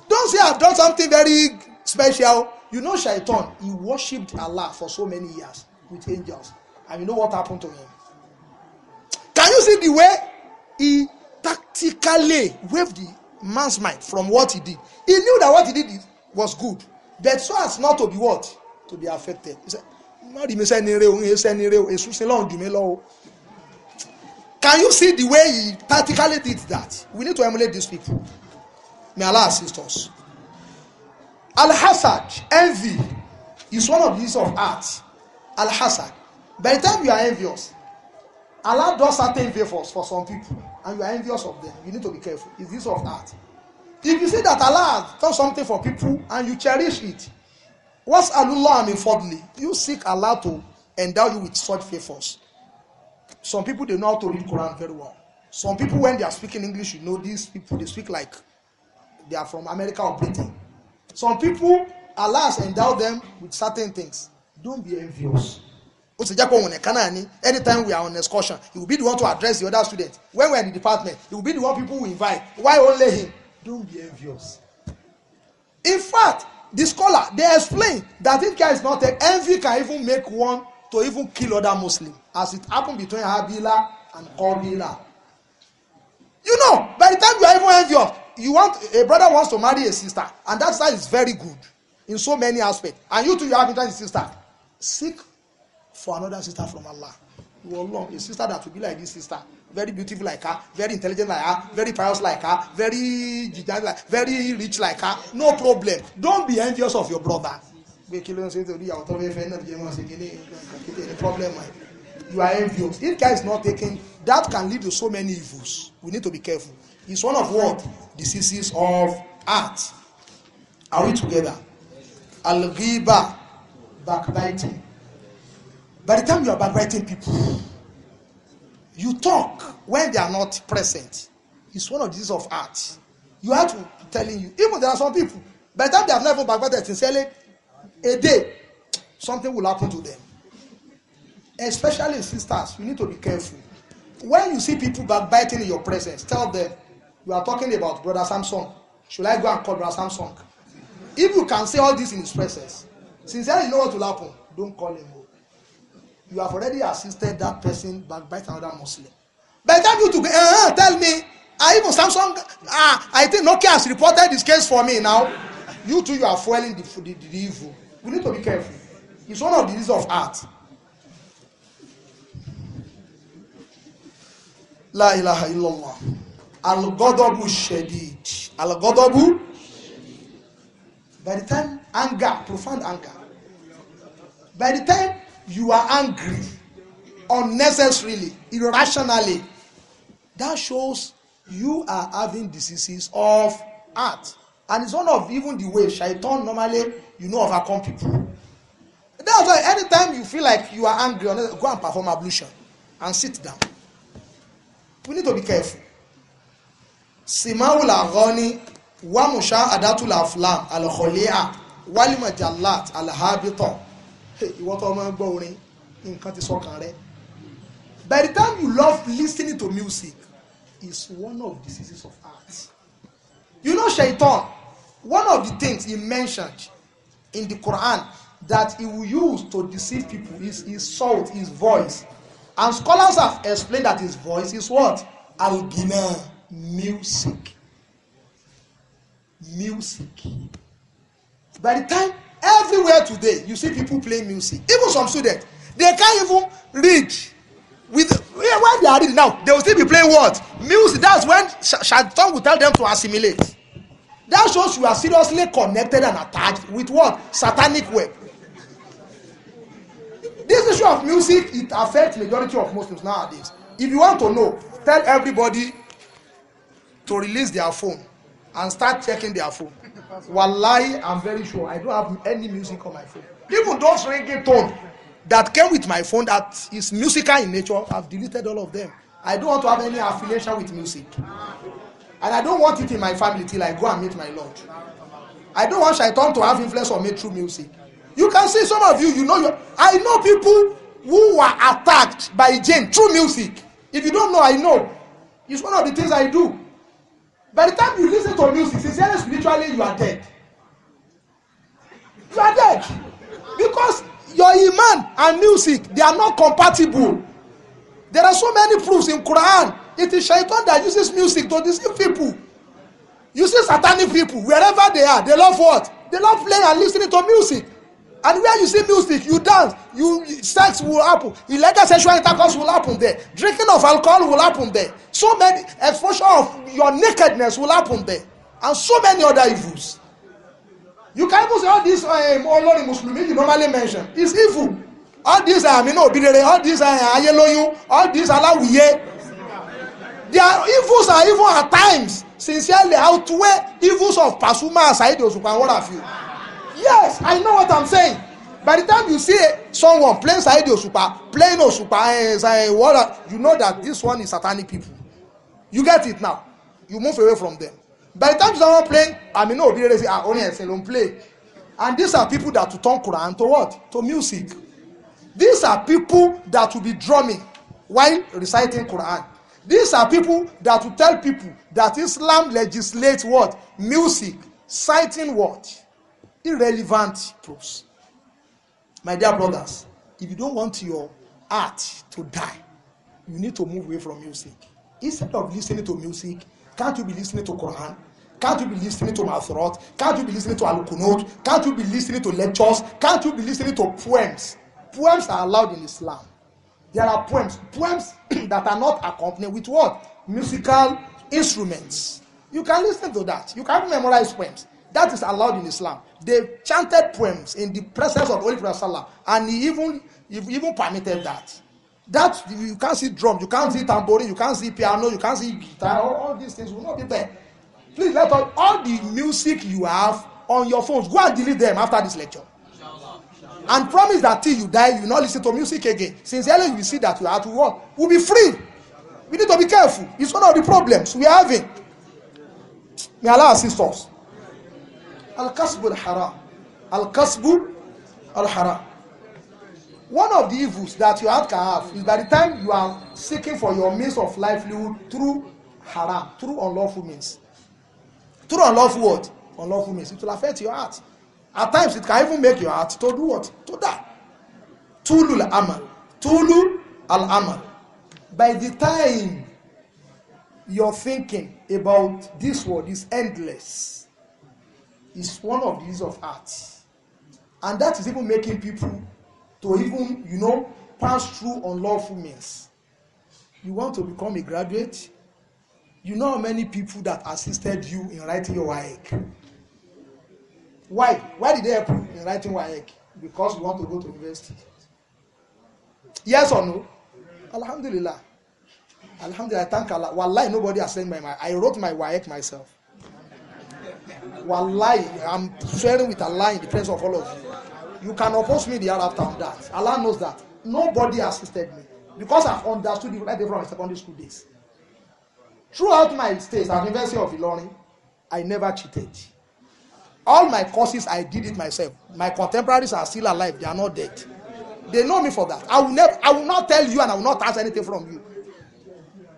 don't say i have done something very special You know, Shaitan, he worshipped Allah for so many years with angels. And you know what happened to him? Can you see the way he tactically waved the man's mind from what he did? He knew that what he did was good, but so as not to be what? To be affected. He said, Mọ́rí mi sẹ́ni re òun sẹ́ni re èṣù sí lọ́run jù mí lọ Can you see the way he tactically did that? We need to emulate these people. May Allah assist us. Al-hasad, envy, is one of the uses of art. Al-hasad. By the time you are envious, Allah does certain favors for some people, and you are envious of them. You need to be careful. It's use of art. If you see that Allah has done something for people and you cherish it, what's Allah mean fondly? You seek Allah to endow you with such favors. Some people they know how to read Quran very well. Some people, when they are speaking English, you know these people they speak like they are from America or Britain some people Allah has endowed them with certain things don't be envious ó sì jẹ́ pé òun nìkan náà ni anytime we are on excursion he will be the one to address the other students when we are in the department he will be the one people will invite why only him don't be envious in fact the scholar they explain that if care is not taken envy can even make one to even kill other muslim as it happened between habila and kobila you know by the time you are even envious you want a brother wants to marry a sister and that side is very good in so many aspects and you too you have interest in sister seek for another sister from Allah you will love a sister that will be like this sister very beautiful like her very intelligent like her very pious like her very gigantic like very rich like her no problem don't be envious of your brother pé kí ló ń ṣe torí ìyàwó tó fẹ́ fẹ́ náà jẹ́ wọn problem ẹ̀ you are envious if guy is not taking that can lead to so many evils we need to be careful It's one of what? Diseases of heart. Are we together? Al-ghiba, backbiting. By the time you are backbiting people, you talk when they are not present. It's one of diseases of heart. You have to telling you. Even there are some people, by the time they have never backbited sincerely, a day, something will happen to them. Especially sisters, you need to be careful. When you see people backbiting in your presence, tell them, We are talking about Brother Samson. Should I go and call Brother Samson? If you can say all this in his presence, sincerely, you know what will happen. Don't call him. Oh. You have already assisted that person by another Muslim. By the time you to uh, eh, eh, tell me, I even Samsung, uh, ah, I think Nokia has reported this case for me now. You too, you are foiling the, the, the evil. We need to be careful. It's one of the reasons of art. La ilaha illallah. Al-Ghadabu Shadid. Al-Ghadabu. By the time anger, profound anger. By the time you are angry unnecessarily, irrationally, that shows you are having diseases of heart. And it's one of even the way shaitan normally, you know, overcome people. That's why anytime you feel like you are angry, go and perform ablution and sit down. We need to be careful simawula gọ́ni wàmùsá àdátùlà flam alkholia walimajalat alhabitọ ìwọ tó máa gbọ́ orin nǹkan ti sọkàn rẹ by the time you love listening to music is one of the diseases of heart you know shaitan one of the things he mentioned in the Quran that he will use to deceive people is his salt, his voice. And scholars have explained that his voice is what? al music music by the time everywhere today you see people playing music even some students they can't even read with when they are reading now they will still be playing what music that's when shaitan will tell them to assimilate that shows you are seriously connected and attached with what satanic web this issue of music it affects majority of muslims nowadays if you want to know tell everybody to release their phone and start checking their phone wallahi i'm very sure i don't have any music on my phone even those reggaeton that came with my phone that is musical in nature i've deleted all of them i don't want to have any affiliation with music and i don't want it in my family till i go and meet my lord i don't want shaitan to have influence on me through music you can see some of you you know your i know people who were attacked by jane through music if you don't know i know it's one of the things i do By the time you listen to music, sincerely spiritually, you are dead. You are dead. Because your iman and music, they are not compatible. There are so many proofs in Quran. It is shaitan that uses music to deceive people. Uses satanic people, wherever they are. They love what? They love playing and listening to music and where you see music you dance you sex will happen illegal sexual intercourse will happen there drinking of alcohol will happen there so many exposure of your nakedness will happen there and so many other evils you can even say all these um, olórin mùsùlùmí you normally mention is evil all these uh, aminu um, obirere all these uh, ayeloyun all these alawuye their evils are even at times sincerely outweigh evils of pasuma asaidu osukwa and what have you yes i know what i'm saying by the time you see someone playing saheed òṣùpá playing òṣùpá ẹ̀ẹ́n water you know that this one is satanic people you get it now you move away from them by the time someone playing aminu obirere say ah only ẹ̀sìn ló play and these are people that to turn quran to what to music these are people that to be drumming while reciting quran these are people that to tell people that islam legislates what music citing what irrelevant proofs. My dear brothers, if you don't want your heart to die, you need to move away from music. Instead of listening to music, can't you be listening to Quran? Can't you be listening to Masorot? Can't you be listening to Alukunot? Can't you be listening to lectures? Can't you be listening to poems? Poems are allowed in Islam. There are poems, poems that are not accompanied with what? Musical instruments. You can listen to that. You can memorize poems. That is allowed in Islam. They chanted poems in the presence of Holy Prophet Salah, and he even he even permitted that. That you can't see drum, you can't see tambourine, you can't see piano, you can't see guitar. All, all these things will not be there. Please let all, all the music you have on your phones go and delete them after this lecture. And promise that till you die, you will not listen to music again. Since Sincerely, you see that you are to work. We'll be free. We need to be careful. It's one of the problems we are having. May Allah assist us. Al-Kasbu al-Haram. Al-Kasbu al-Haram. One of the evils that your heart can have is by the time you are seeking for your means of livelihood through haram, through unlawful means. Through unlawful what? Unlawful means. It will affect your heart. At times, it can even make your heart to do what? To die. Tulul amal. Tulul al amal. By the time your thinking about this world is endless is one of the use of art and that is even making people to even you know pass through unlawful means you want to become a graduate you know how many people that assisted you in writing your waec why why did they help you in writing waec because you want to go to university yes or no alhamdulillah alhamdulillah thank allah wallahi nobody has sent my mind i wrote my waec myself lying, I'm swearing with Allah in the presence of all of you. You can oppose me the year after I'm that. Allah knows that. Nobody assisted me because I've understood it right from my secondary school days. Throughout my stays at University of Ilorin, I never cheated. All my courses, I did it myself. My contemporaries are still alive. They are not dead. They know me for that. I will never, I will not tell you and I will not ask anything from you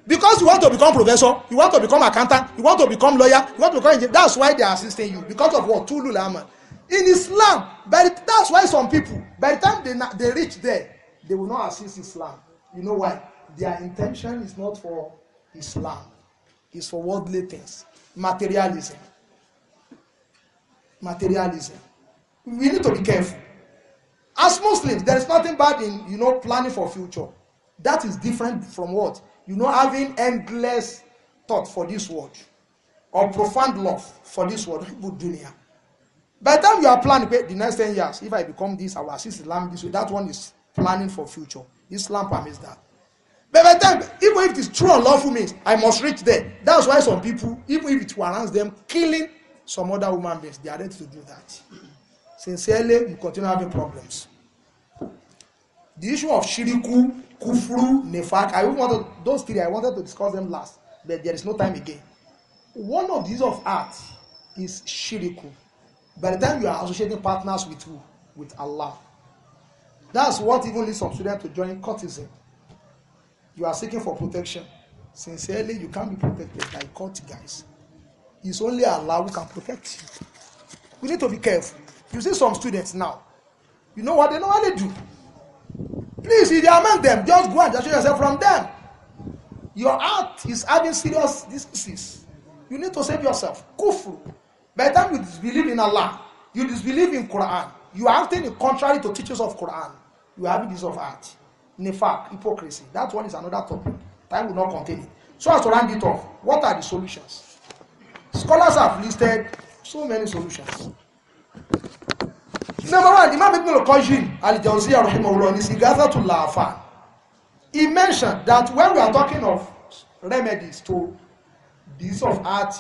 because you want to become professor you want to become accountant you want to become lawyer you want to become engineer that's why they are assisting you because of what tulu lama in islam by the, that's why some people by the time they they reach there they will not assist islam you know why their intention is not for islam it's for worldly things materialism materialism we need to be careful as muslims there is nothing bad in you know planning for future that is different from what you know having endless thought for this world or profound love for this world people dunya by the time you are planning pé the next ten years if i become this i will assist the islam this way that one is planning for future This islam permits that but by the time even if it is true and lawful means i must reach there that's why some people even if it warrants them killing some other woman, beings they are ready to do that sincerely we continue having problems. The issue of shiriku, kufru, nefak, I even wanted, those three, I wanted to discuss them last, but there is no time again. One of these of art is shiriku. By the time you are associating partners with who? With Allah. That's what even leads some students to join cultism. You are seeking for protection. Sincerely, you can't be protected by cult guys. It's only Allah who can protect you. We need to be careful. You see some students now. You know what they normally do? Please, if you're among them, just go and just yourself from them. Your heart is having serious diseases. You need to save yourself. Kufru. By the time you disbelieve in Allah, you disbelieve in Quran, you are acting contrary to teachings of Quran, you are having this of heart. nefak, hypocrisy. That one is another topic. Time will not contain it. So as to round it off, what are the solutions? Scholars have listed so many solutions number one imam ibn al-qayyim al-jawziyya rahimahullah in his igathatul lafa he mentioned that when we are talking of remedies to disease of heart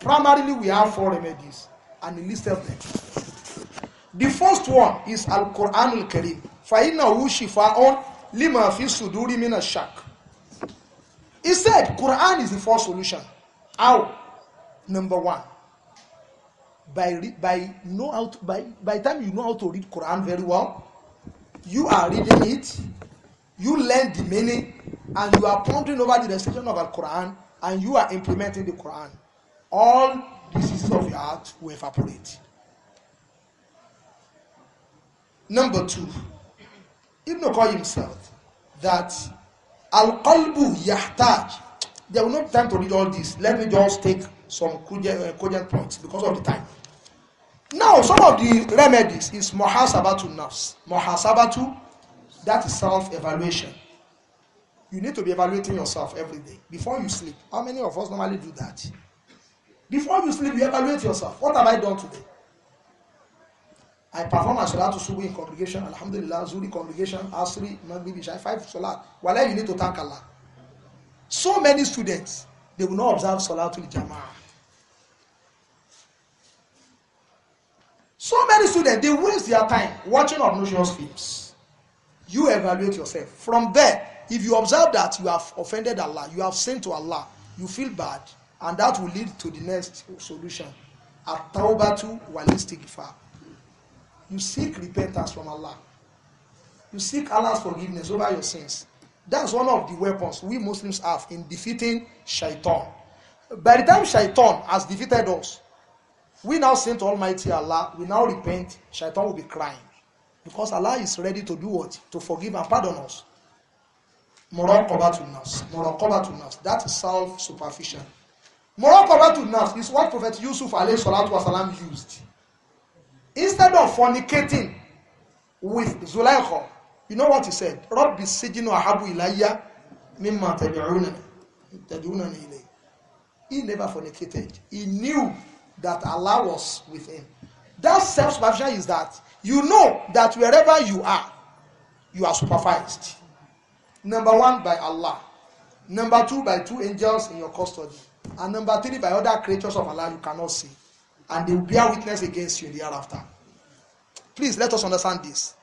primarily we have four remedies and he listed them the first one is al-quran al-karim fa'innahu on lima fi suduri mina shak he said quran is the first solution how number one by by know how to, by by time you know how to read Quran very well, you are reading it, you learn the meaning, and you are pondering over the recitation of Al Quran, and you are implementing the Quran. All diseases of your heart will evaporate. Number two, Ibn Qayyim himself that al qalbu yahtaj. There will not be time to read all this. Let me just take some cogent uh, points because of the time. Now, some of the remedies is muhasabatu nafs. Muhasabatu, that is self-evaluation. You need to be evaluating yourself every day before you sleep. How many of us normally do that? Before you sleep, you evaluate yourself. What have I done today? I perform a salat to subuh in congregation, alhamdulillah, zuri congregation, asri, maghrib, isha, five salat. Wallahi, you need to thank Allah. So many students, they will not observe salat to jama'ah. So many students, they waste their time watching obnoxious films. You evaluate yourself. From there, if you observe that you have offended Allah, you have sinned to Allah, you feel bad, and that will lead to the next solution. At-tawbatu wal-istighfar. You seek repentance from Allah. You seek Allah's forgiveness over your sins. That's one of the weapons we Muslims have in defeating shaitan. By the time shaitan has defeated us, We now say to Almighty Allah, we now repent, Shaitan will be crying. Because Allah is ready to do what? To forgive and pardon us. Moral moral cover cover to to Muraqabatunas. That is self-superficial. moral cover to Muraqabatunas is what Prophet Yusuf alayhi salatu wasalam used. Instead of fornicating with Zulaikha, you know what he said? Rabbi sijinu ahabu ilayya mimma tabi'unani. He never fornicated. He knew that allow us within. That self supervision is that you know that wherever you are, you are supervised. Number one, by Allah. Number two, by two angels in your custody. And number three, by other creatures of Allah you cannot see. And they will bear witness against you in the hereafter. Please let us understand this.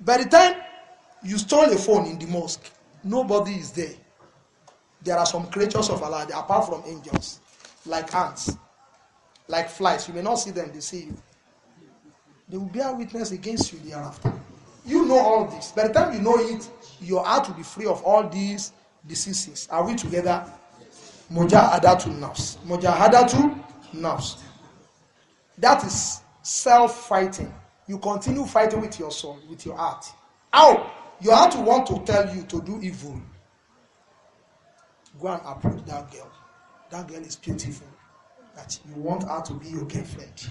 By the time you stole a phone in the mosque, nobody is there. There are some creatures of Allah apart from angels, like ants like flies. You may not see them, they see you. They will bear witness against you thereafter. You know all this. By the time you know it, your heart will be free of all these diseases. Are we together? Moja adatu nafs. Moja adatu nafs. That is self-fighting. You continue fighting with your soul, with your heart. How? Your heart will want to tell you to do evil. Go and approach that girl. That girl is beautiful that you want her to be your girlfriend.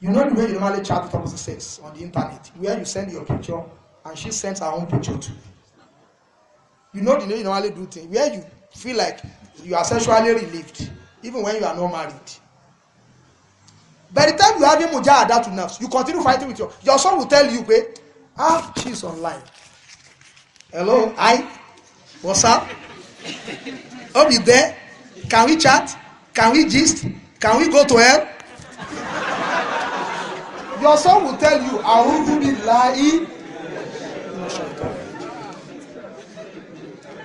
You know the way you normally chat with opposite sex on the internet, where you send your picture and she sends her own picture too. You know the way you normally do things, where you feel like you are sexually relieved, even when you are not married. By the time you have mujahada to nerves, you continue fighting with your your son will tell you, hey, ah, she's online. Hello, hi, what's up? I'll be there. Can we chat? Can we gist? Can we go to hell? Your son will tell you, be lying?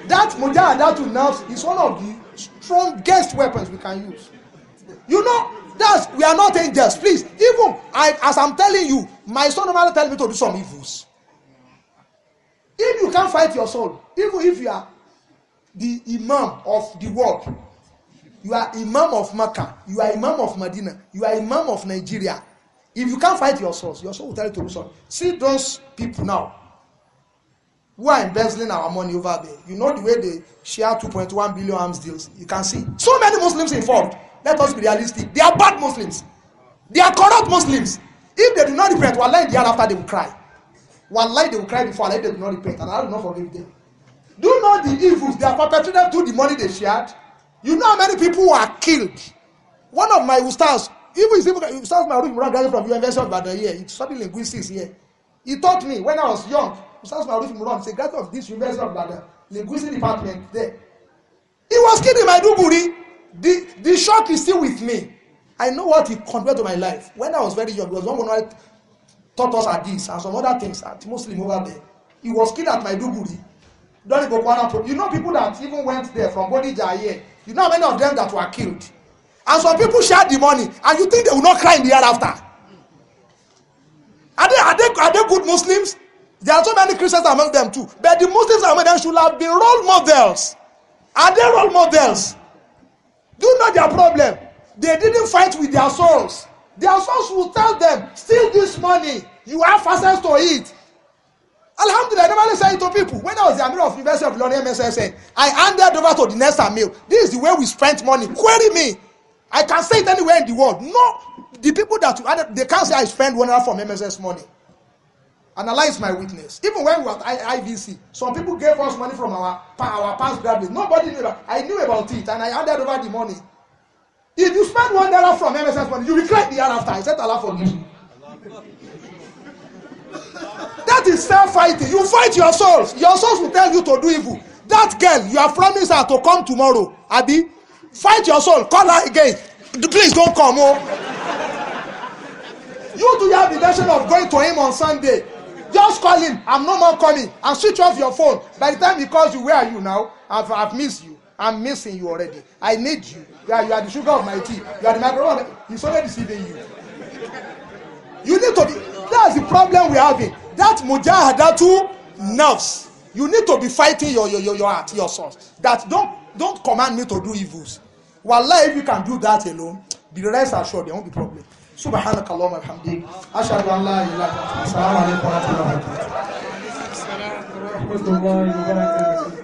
That mujahadatul nafs is one of the strongest weapons we can use. You know, that's we are not angels. Please, even I, as I'm telling you, my son normally tells me to do some evils. If you can't fight your soul, even if you are the imam of the world, you are imam of Makkah you are imam of Medina you are imam of Nigeria if you can't fight your source your source will tell you to do something see those people now who are embezzling our money over there you know the way they share 2.1 billion arms deals you can see so many Muslims involved let us be realistic they are bad Muslims they are corrupt Muslims if they do not repent wallahi the after they will cry wallahi they will cry before Allah they do not repent and Allah will not forgive them do you know the evils they are perpetrated through the money they shared You know how many people were killed? One of my ustaz, even his my room Imran graduated from University of Ibadan here. He studied linguistics here. He taught me when I was young. Ustaz my room run. a graduate of this University of Ibadan, linguistics department there. He was killed in Maiduguri. The, the shock is still with me. I know what it contributed to my life. When I was very young, there was one one taught us at this and some other things at Muslim over there. He was killed at Maiduguri during Boko Haram. You know people that even went there from Bodija here You know how many of them that were killed? And some people share the money, and you think they will not cry in the year after? Are they, are they, are they good Muslims? There are so many Christians among them too. But the Muslims among them should have been role models. Are they role models? Do you know their problem? They didn't fight with their souls. Their souls will tell them, steal this money. You have access to it. Alhamdulillah, I normally say it to people. When I was the Amir of University of London MSSN, I handed over to the next Amir. This is the way we spent money. Query me. I can say it anywhere in the world. No, the people that you added, they can't say I spend one hour from MSS money. Analyze my witness. Even when we were at IVC, some people gave us money from our, our past graduates. Nobody knew that. I knew about it and I handed over the money. If you spend one dollar from MSS money, you regret the year after. I said Allah for you. That is self-fighting. You fight your souls. Your souls will tell you to do evil. That girl, you are promised her to come tomorrow. Abi, fight your soul. Call her again. Please don't come. Oh. You do have the intention of going to him on Sunday. Just call him. I'm no more coming. And switch off your phone. By the time he calls you, where are you now? I've, I've missed you. I'm missing you already. I need you. Yeah, you are the sugar of my tea. You are the microphone. He's already deceiving you. You need to be That's the problem we have. In That mujahadatu nerves. You need to be fighting your your your, your heart, your soul. That don't don't command me to do evils. Wallahi, if you can do that alone, the rest are sure there won't be problem. سبحانك اللهم وبحمدك أشهد أن لا إله إلا أنت السلام عليكم ورحمة الله وبركاته